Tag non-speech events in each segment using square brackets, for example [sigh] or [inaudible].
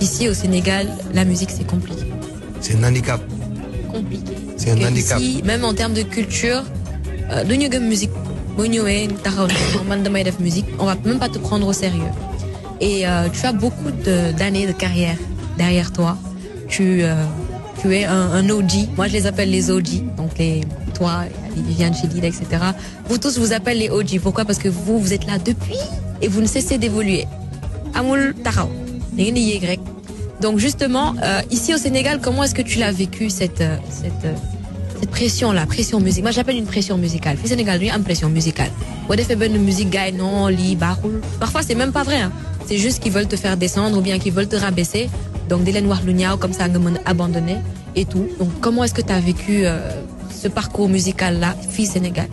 Ici au Sénégal, la musique c'est compliqué. C'est un handicap. Compliqué. C'est un handicap. Ici, même en termes de culture, euh, on ne musique musique on va même pas te prendre au sérieux. Et euh, tu as beaucoup d'années de, carrière derrière toi. Tu, euh, tu es un, un, OG. Moi, je les appelle les OG. Donc, les, toi, Viviane Chedid, etc. Vous tous vous appelez les OG. Pourquoi Parce que vous, vous êtes là depuis et vous ne cessez d'évoluer. Amoul Tarao. Donc justement, euh, ici au Sénégal, comment est-ce que tu l'as vécu cette, euh, euh, cette, pression-là, pression musicale Moi j'appelle une pression musicale. Au Sénégal, lui, une pression musicale. musique, non, Parfois c'est même pas vrai. Hein. C'est juste qu'ils veulent te faire descendre ou bien qu'ils veulent te rabaisser. Donc noir Warluniao, comme ça, abandonné et tout. Donc comment est-ce que tu as vécu ce parcours musical-là, fille Sénégal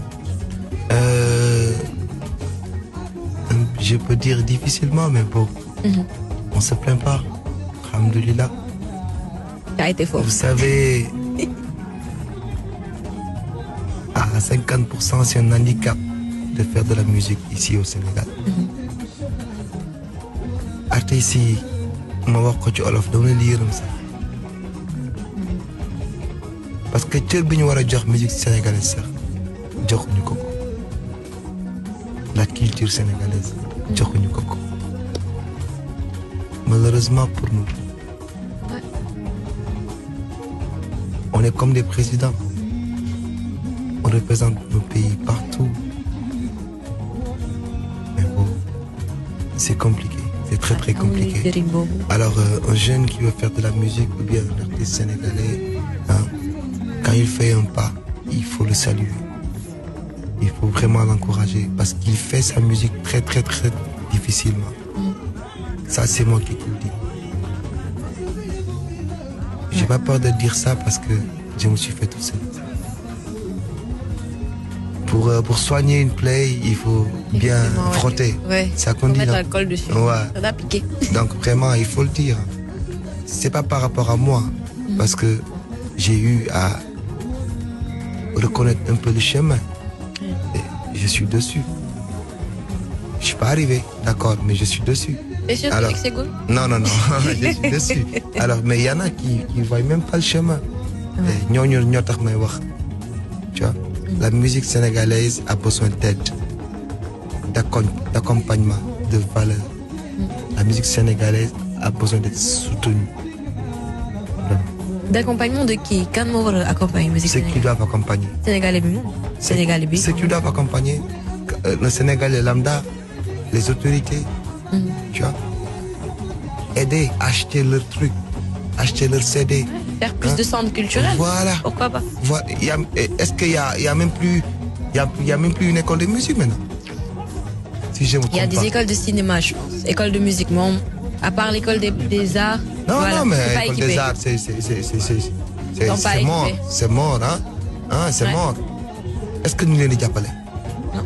Je peux dire difficilement, mais bon. Mm-hmm. On ne se plaint pas. Alhamdulillah. a été fort. Vous savez, [laughs] à 50%, c'est un handicap de faire de la musique ici au Sénégal. Mhm. artistes ici, ma wax ko ci olof parce que tu es monde war la musique sénégalaise la culture sénégalaise malheureusement pour nous. On est comme des présidents. On représente nos pays partout. Mais bon, c'est compliqué. C'est très très compliqué. Alors euh, un jeune qui veut faire de la musique ou bien un artiste sénégalais, hein, quand il fait un pas, il faut le saluer. Il faut vraiment l'encourager parce qu'il fait sa musique très très très difficilement. Ça, c'est moi qui te le dis. J'ai pas peur de dire ça parce que je me suis fait tout seul. Pour, euh, pour soigner une plaie, il faut bien frotter. Ça conduit Mettre l'alcool dessus. [laughs] Donc vraiment, il faut le dire. C'est pas par rapport à moi, mm. parce que j'ai eu à reconnaître un peu le chemin. je suis dessus. Je suis pas arrivé, d'accord, mais je suis dessus. T'es sûr Alors, que c'est Non, non, non. je suis [laughs] [laughs] déçu. Alors, mais il y en a qui ne voient même pas le chemin. Ah. Tu vois, la musique sénégalaise a besoin d'aide, d'accompagnement, de valeur. Mm. La musique sénégalaise a besoin d'être soutenue. D'accompagnement de qui Quand on accompagne musique Ceux qui doivent accompagner. Sénégalais Sénégalais Ceux qui doivent accompagner euh, le Sénégal, et lambda, les autorités, tu mm. vois Aider, acheter leurs truc, acheter leurs CD. Faire plus hein? de centres culturels. Voilà. Pourquoi pas Est-ce qu'il n'y a, y a, même plus, y a, a même plus une école de musique maintenant Si Il y a des écoles de cinéma, je pense. École de musique, mais à part l'école des, arts. Non, non, mais l'école des arts, c'est mort. C'est mort, hein, hein C'est mort. Est-ce que nous les pas Non.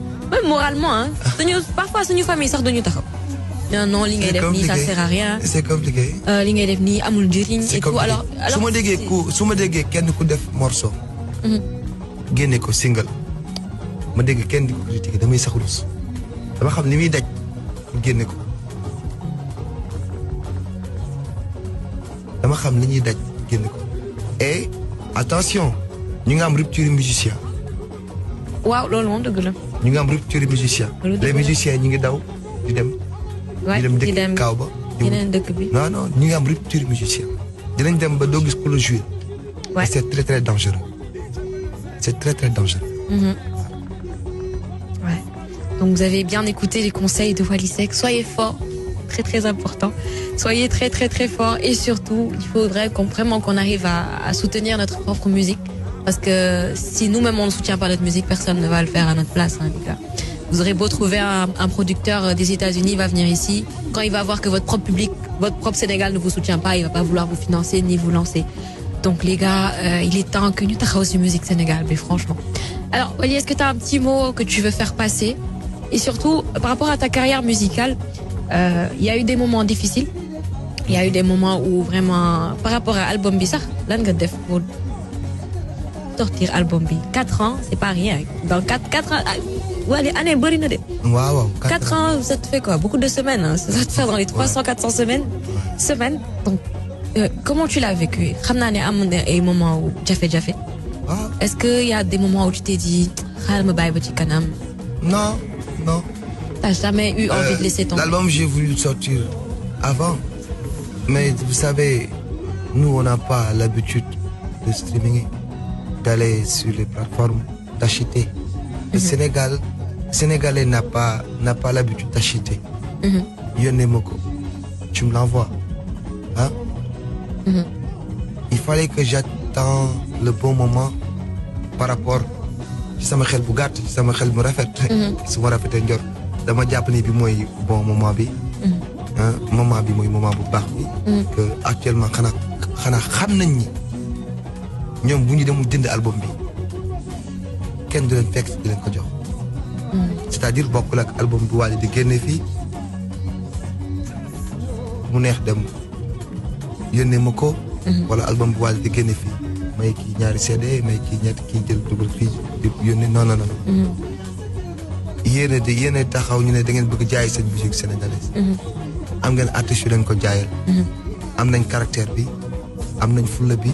même euh, moralement hein ah. parfois suñu famille sax de nous. non non li ngay ça sert à rien. c'est compliqué. Euh, li ngay amul et tout alors alors suis ku kenn ku def morceau. Mhm. génné ko single. ma single. kenn di damay sax dama xam ni daj ko. xam daj et attention nous avons am rupture musicien. waaw loolu moom ñu ngi am rupture musicien les musiciens ñi ngi daw di dem di dem dëkk kaaw ba yeneen bi non non ñu ngi am rupture musicien dinañ dem ba doo gis ku la jouer c'est très très dangereux c'est très très dangereux mhm. ouais donc vous avez bien écouté les conseils de Walisek soyez fort très très important soyez très très très fort et surtout il faudrait qu'on vraiment qu'on arrive à, à soutenir notre propre musique parce que si nous-mêmes on ne soutient pas notre musique, personne ne va le faire à notre place. Hein, vous aurez beau trouver un, producteur euh, des États-Unis, il va venir ici. Quand il va voir que votre propre public, votre propre Sénégal ne vous soutient pas, il va pas vouloir vous financer ni vous lancer. Donc les gars, euh, il est temps que nous aussi musique Sénégal, mais franchement. Alors, Oli, est-ce que tu as un petit mot que tu veux faire passer Et surtout, par rapport à ta carrière musicale, il euh, y a eu des moments difficiles. Il y a eu des moments où vraiment, par rapport à l'album Bizarre, là, sortir album bi quatre ans c'est pas rien dans quatre 4 ans ah, ouais les ans ça te fait quoi beaucoup de semaines hein. ça ça te dans les 300 400 semaines semaines donc euh, comment tu l'as vécu xam amandé et am na ay tu' où tu fait est-ce que y a des moments où tu t'es dit non, ma non non. t'as jamais eu euh, envie de laisser ton l'album j'ai voulu sortir avant mais vous savez nous on n'a pas l'habitude de streaming d'aller sur les plateformes, d'acheter. Le mhm. Sénégal, Sénégalais n'a pas, pas l'habitude d'acheter. Mhm. tu me l'envoies. Hein? Mhm. Il fallait que j'attends le bon moment par rapport sama xel je gàtt sama xel un rafet je [laughs] ma Je dama ni bi bon moment hein? moment moment que actuellement je ne xam nañ ñoom bu ñu dem demul jënd album bi kenn du leen fekk di leen ko jox. c'est-à-dire ak album bu Wally di génne fii mu neex dem ma ko. Mhm. wala album bu Wally di génne fii may kii ñaari CD may kii ñett kii jël dugal fii di yónnee non non mhm. di yéen a taxaw ñu ne dangeen bëgg jaay seen musique sénégalaise. Mhm. am ngeen artistes yu leen ko jaayal. am nañ caractère bi am nañ fulla bi.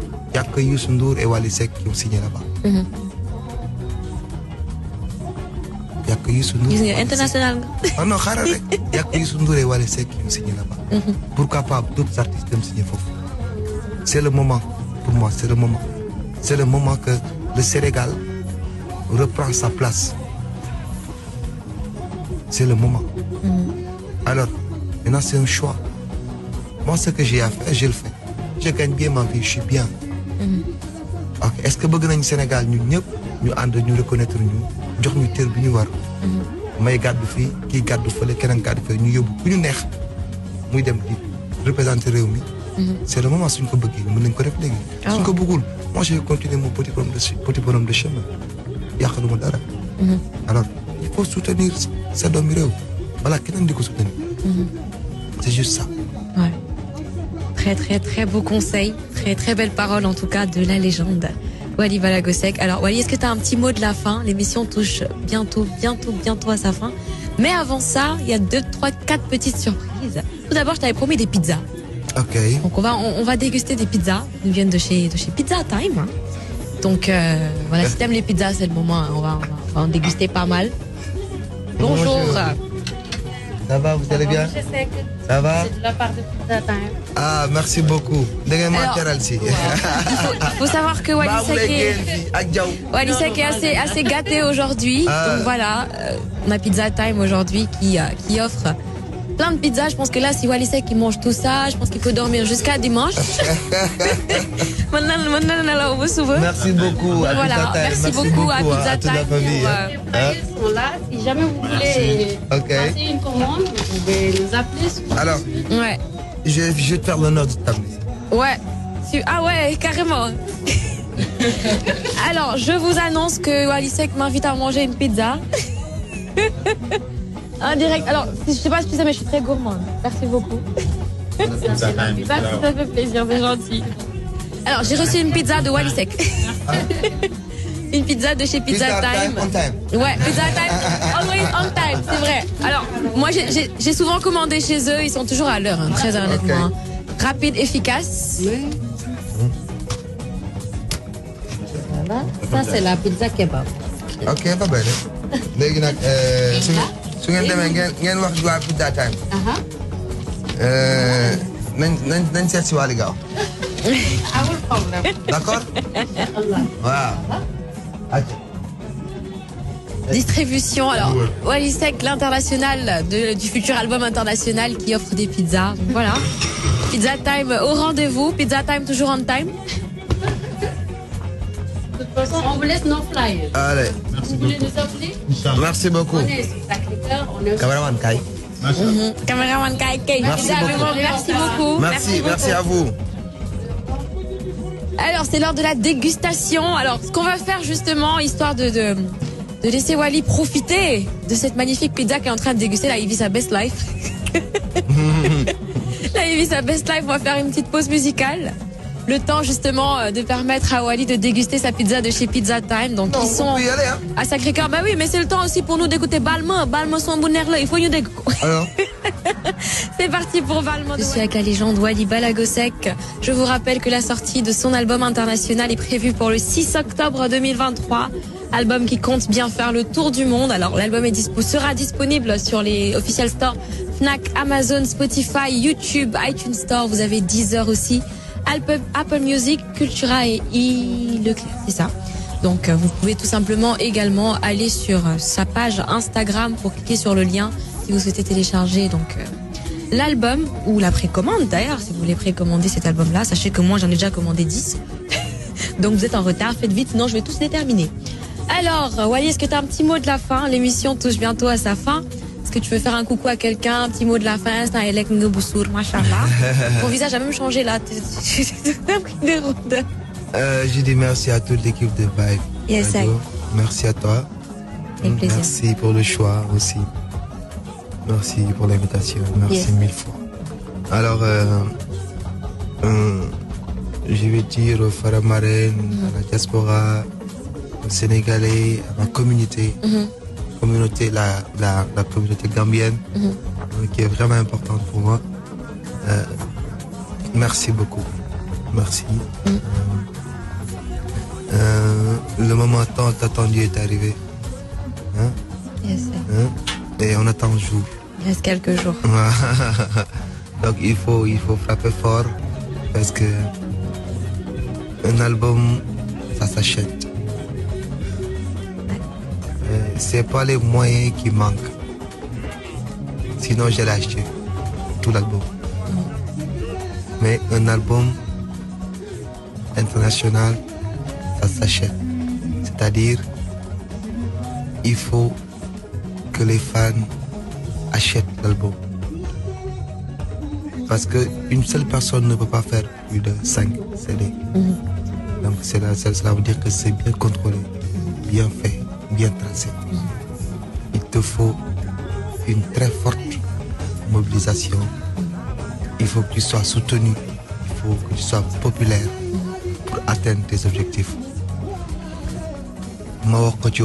Il n'y a que Youssou et Wally qui ont signé là-bas. Il mhm. a que Youssou international. [laughs] Ah non, a et Wally qui ont signé là-bas. Mhm. Pourquoi pas d'autres artistes qui ont signé C'est le moment, pour moi, c'est le moment. C'est le moment que le Sénégal reprend sa place. C'est le moment. Mhm. Alors, maintenant, c'est un choix. Moi, ce que j'ai à faire, je le fais. Je gagne bien ma vie, je suis bien est-ce que le nañ Sénégal ñun ñëpp ñu ànd ñu reconnaître ñu jox ñu tër bi ñu war. may gàddu fii kii gàddu fële keneen gàddu ñu yóbbu ku ñu neex muy dem le moment suñ ko bëggee ko ah moi je continue mon petit bonhomme de petit bonhomme de chemin dara. Mhm. alors il faut soutenir sa doomi Voilà, di ko soutenir. Mhm. C'est juste ça. Très, très, très beau conseil. Très, très belle parole, en tout cas, de la légende. Wally Balagosek. Alors, Wally, est-ce que tu as un petit mot de la fin L'émission touche bientôt, bientôt, bientôt à sa fin. Mais avant ça, il y a deux, trois, quatre petites surprises. Tout d'abord, je t'avais promis des pizzas. Ok. Donc, on va, on, va déguster des pizzas. Ils viennent de chez, de chez Pizza Time. Hein. Donc, euh, voilà, si eh. t'aimes les pizzas, c'est le moment. Hein. On, va, en déguster pas mal. Bonjour. Bonjour ça va, vous allez bien je sais que Ça va C'est de la part de Pizza Ah, merci beaucoup. Il [laughs] faut savoir que Walisek est assez, assez gâté aujourd'hui. Ah. Donc voilà, on euh, a pizza time aujourd'hui qui, euh, qui offre plein de pizzas. Je pense que là, si Walisek il mange tout ça, je pense qu'il peut dormir jusqu'à dimanche. [laughs] merci beaucoup à voilà, Merci, merci beaucoup, à Pizza à Toute la euh, hein? sont là. Si jamais vous voulez passer une commande, vous pouvez nous appeler. Alors, ouais. je, je vais te faire l'honneur de Ouais. Ah ouais, carrément. [laughs] Alors, je vous annonce que Walisek m'invite à manger une pizza. [laughs] direct. Alors, je sais pas si que ça, mais je suis très gourmande. Merci beaucoup. Ça, ça, fait plaisir, c'est gentil. Alors, j'ai reçu une pizza de Wallisek. Ah. une pizza de chez Pizza, Time. time. Ouais, Pizza Time, ah, ah, always on time, c'est vrai. Alors, moi, j'ai souvent commandé chez eux, ils sont toujours à l'heure, hein, très honnêtement. Rapide, efficace. Oui. Mmh. Ça, c'est la pizza kebab. Ok, pas belle. Hein. Euh, tu ngeen demee ngeen ngeen wax joie à that time. Euh, nañ nañ nañ seet si Waly Gaaw. [laughs] amul problème. d'accord. [laughs] Voilà. Distribution, alors, Walisek l'international du futur album international qui offre des pizzas. Voilà. Pizza Time au rendez-vous. Pizza Time toujours on time on vous laisse nos flyers. Allez. Merci vous voulez beaucoup. nous appeler Merci beaucoup. Cameraman Kai. Mhm. Merci, beaucoup. Merci à vous. Alors, c'est l'heure de la dégustation. Alors, ce qu'on va faire justement, histoire de, de, laisser Wally profiter de cette magnifique pizza est en train de déguster. Là, il vit sa best life. Là, il vit sa best life. On va faire une petite pause musicale le temps justement euh, de permettre à Wally de déguster sa pizza de chez Pizza Time. Donc ils sont hein. à Sacré-Cœur. Bah oui, mais c'est le temps aussi pour nous d'écouter Balmain. Balmain son là, il faut nous déguster. [laughs] Alors [laughs] C'est parti pour Balmain. Je suis avec la légende Wally Balagosek. Je vous rappelle que la sortie de son album international est prévue pour le 6 octobre 2023 album qui compte bien faire le tour du monde. Alors l'album est dispo, sera disponible sur les official stores Fnac, Amazon, Spotify, YouTube, iTunes Store. Vous avez 10 heures aussi. Apple, Apple Music, Cultura et Leclerc, c'est ça. Donc euh, vous pouvez tout simplement également aller sur euh, sa page Instagram pour cliquer sur le lien si vous souhaitez télécharger donc euh, l'album ou la précommande d'ailleurs si vous voulez précommander cet album là, sachez que moi j'en ai déjà commandé 10. [laughs] donc vous êtes en retard, faites vite, sinon je vais tous les terminer. Alors, voyez, est-ce que tu as un petit mot de la fin L'émission touche bientôt à sa fin que tu veux faire un coucou à quelqu'un, un petit mot de la fin, c'est un [laughs] Ton visage a même changé là. tout pris Euh, je dis merci à toute l'équipe de Vibe. Merci à toi. Mm, merci pour le choix aussi. Merci pour l'invitation. Merci mille fois. Alors, euh, euh, je vais dire aux Farah mm-hmm. à la diaspora, aux Sénégalais, à ma communauté. Mm-hmm communauté, la, la, communauté gambienne, mhm. euh, qui est vraiment importante pour moi. Euh, merci beaucoup. Merci. Mhm. Euh, le moment tant attendu est arrivé. Hein? Hein? Et on attend jour. Il reste quelques jours. [laughs] Donc il faut, il faut frapper fort parce que un album, ça s'achète. Ce n'est pas les moyens qui manquent. Sinon, j'ai acheter tout l'album. Mais un album international, ça s'achète. C'est-à-dire, il faut que les fans achètent l'album. Parce qu'une seule personne ne peut pas faire plus de 5 CD. Mhm. Donc, cela veut dire que c'est bien contrôlé, bien fait bien tracée. Il te faut une très forte mobilisation. Il faut que tu sois soutenu, il faut que tu sois populaire pour atteindre tes objectifs. Je suis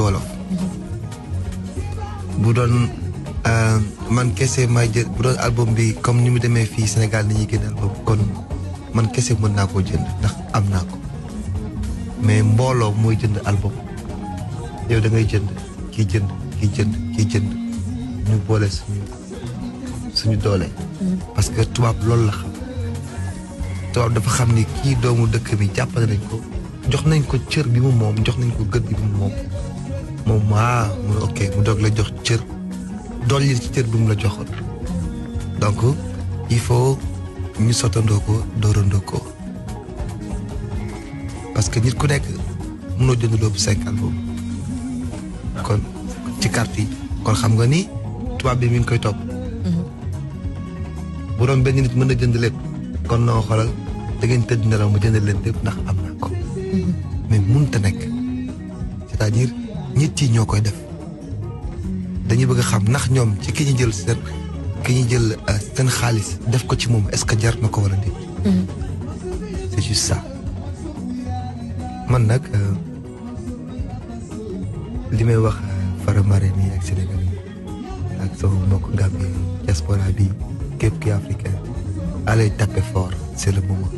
bu euh, album bi comme ni mu demee fii Sénégal ni ñuy album kon man kese mën naa jënd am mais album. yow da ngay jënd kii jënd kii jënd kii jënd ñu boole suñu suñu doole. parce que tubaab loolu la xam tubaab dafa xam ni kii doomu dëkk bi jàppale nañ ko jox nañ ko cër bi mu moom jox nañ ko gët bi mu moom moom ah mu ok mu doog la jox cër dolli ci cër bi mu la joxoon donc il faut ñu sottandoo ko dóorandoo ko parce que nit ku nekk mënoo jënd loobu cinq album kon ci carte yi kon xam nga ni tubaab bi mi ngi koy topp. Mhm. bu doon benn nit mën a jënd lépp kon noo xoolal da ngeen tëdd nelaw mu jënd leen lépp ndax am naa ko. Mhm. mais mënta nekk c'est-à-dire nit yi ñoo koy def dañuy bëgg xam ndax ñoom ci ki ñu jël seen ki ñu jël euh, seen xaalis def ko ci moom est-ce que jar na ko war a déet. Mhm. man nag. Euh, li wax euh, fara Faramareen ni ak Sénégal yi ak sama mbokk Gambie diaspora bi képp africain allez taper fort c'est le moment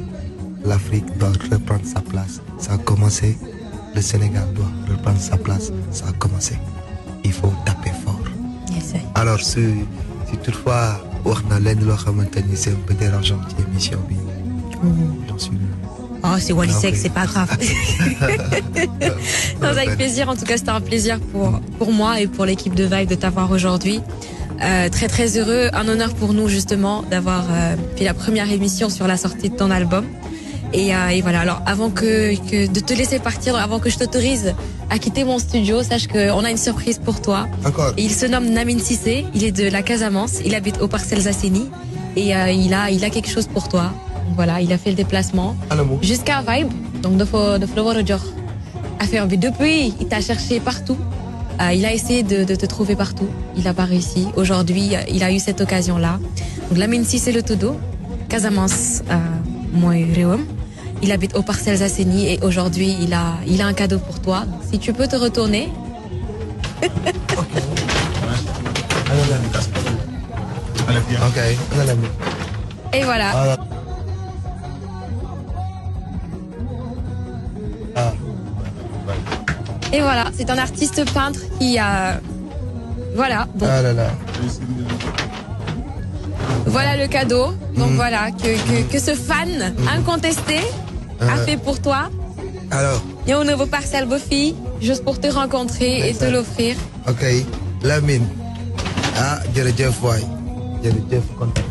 l'Afrique doit reprendre sa place ça a commencé le Sénégal doit reprendre sa place ça a commencé il faut taper fort alors si si toutefois wax na leen lo xamanteni c'est un peu dérangeant ci émission bi mm-hmm. j'en suis Oh, c'est Wally ah, c'est pas grave. [laughs] non, avec plaisir. En tout cas, c'était un plaisir pour, pour moi et pour l'équipe de Vibe de t'avoir aujourd'hui. Euh, très très heureux, un honneur pour nous justement d'avoir euh, fait la première émission sur la sortie de ton album. Et, euh, voilà, alors avant que, de te laisser partir, avant que je t'autorise à quitter mon studio, sache qu'on a une surprise pour toi. D'accord. Il se nomme Namin Sissé, il est de la Casamance, il habite aux Parcelles Asseni et il, a, il a quelque chose pour toi voilà il a fait le déplacement jusqu'à Vibe donc de de a fait envie. depuis il t'a cherché partout euh, il a essayé de, te trouver partout il a pas réussi aujourd'hui euh, il a eu cette occasion là donc Minsi, c'est le Todo Casamance euh, moi il habite aux Parcelles Assainies et aujourd'hui il a il a un cadeau pour toi si tu peux te retourner Et voilà. Et voilà, c'est un artiste peintre qui a. Voilà. Ah voilà le cadeau. Donc mm. voilà, que, que, ce fan mm. incontesté a euh. fait pour toi. Alors. Et au ne nouveau pas Beau-Fille, juste pour te rencontrer et te l'offrir. Ok. Lamine. Ah, le Jeff contact.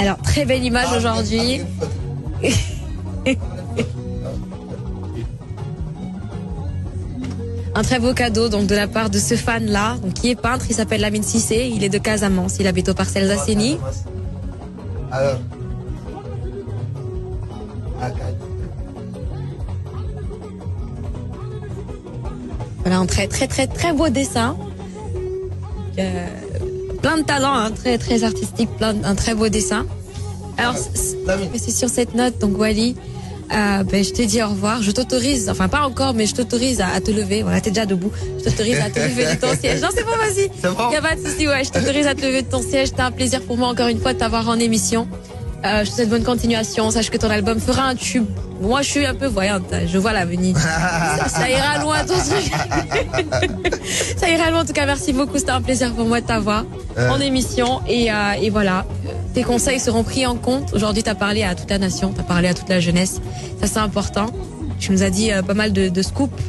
Alors, très belle image aujourd'hui. [laughs] Un très beau cadeau donc de la part de ce fan là, qui est peintre, il s'appelle Lamine Sissé, il est de Casamance, il habite aux parcelles Asseni. Alors Voilà un très très très très beau dessin. Euh, plein de talent, hein, très, très artistique, un très beau dessin. Alors, c'est sur cette note, donc Wally, euh, ben, je te dis au revoir. Je t'autorise, enfin pas encore, mais je t'autorise à, te lever. Voilà, t'es déjà debout. Je t'autorise à te lever de ton [laughs] siège. Non, c'est bon, vas-y. Il bon. a pas de souci, ouais. Je t'autorise à te lever de ton siège. C'était un plaisir pour moi, encore une fois, de t'avoir en émission. Euh, je te souhaite bonne continuation. Sache que ton album fera un tube. Moi, je suis un peu voyante. Hein. Je vois l'avenir. [laughs] ça, ira loin, ça ira loin. En tout cas, merci beaucoup. C'était un plaisir pour moi de t'avoir euh. en émission. Et, euh, et, voilà. Tes conseils seront pris en compte. Aujourd'hui, tu as parlé à toute la nation. T'as parlé à toute la jeunesse. Ça, c'est important. Tu nous as dit euh, pas mal de, de scoops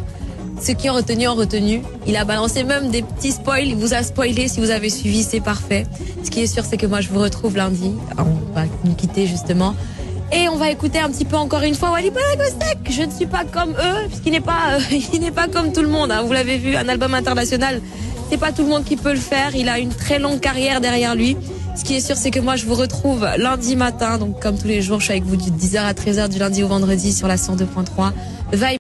ceux qui ont retenu ont retenu. Il a balancé même des petits spoils. Il vous a spoilé. Si vous avez suivi, c'est parfait. Ce qui est sûr, c'est que moi, je vous retrouve lundi. Ah, on va nous quitter justement. Et on va écouter un petit peu encore une fois Wally Balagostek. Je ne suis pas comme eux, puisqu'il n'est pas, euh, [laughs] il n'est pas comme tout le monde. Hein. Vous l'avez vu, un album international, c'est pas tout le monde qui peut le faire. Il a une très longue carrière derrière lui. Ce qui est sûr, c'est que moi, je vous retrouve lundi matin. Donc, comme tous les jours, je suis avec vous du 10h à 13h du lundi au vendredi sur la 102.3.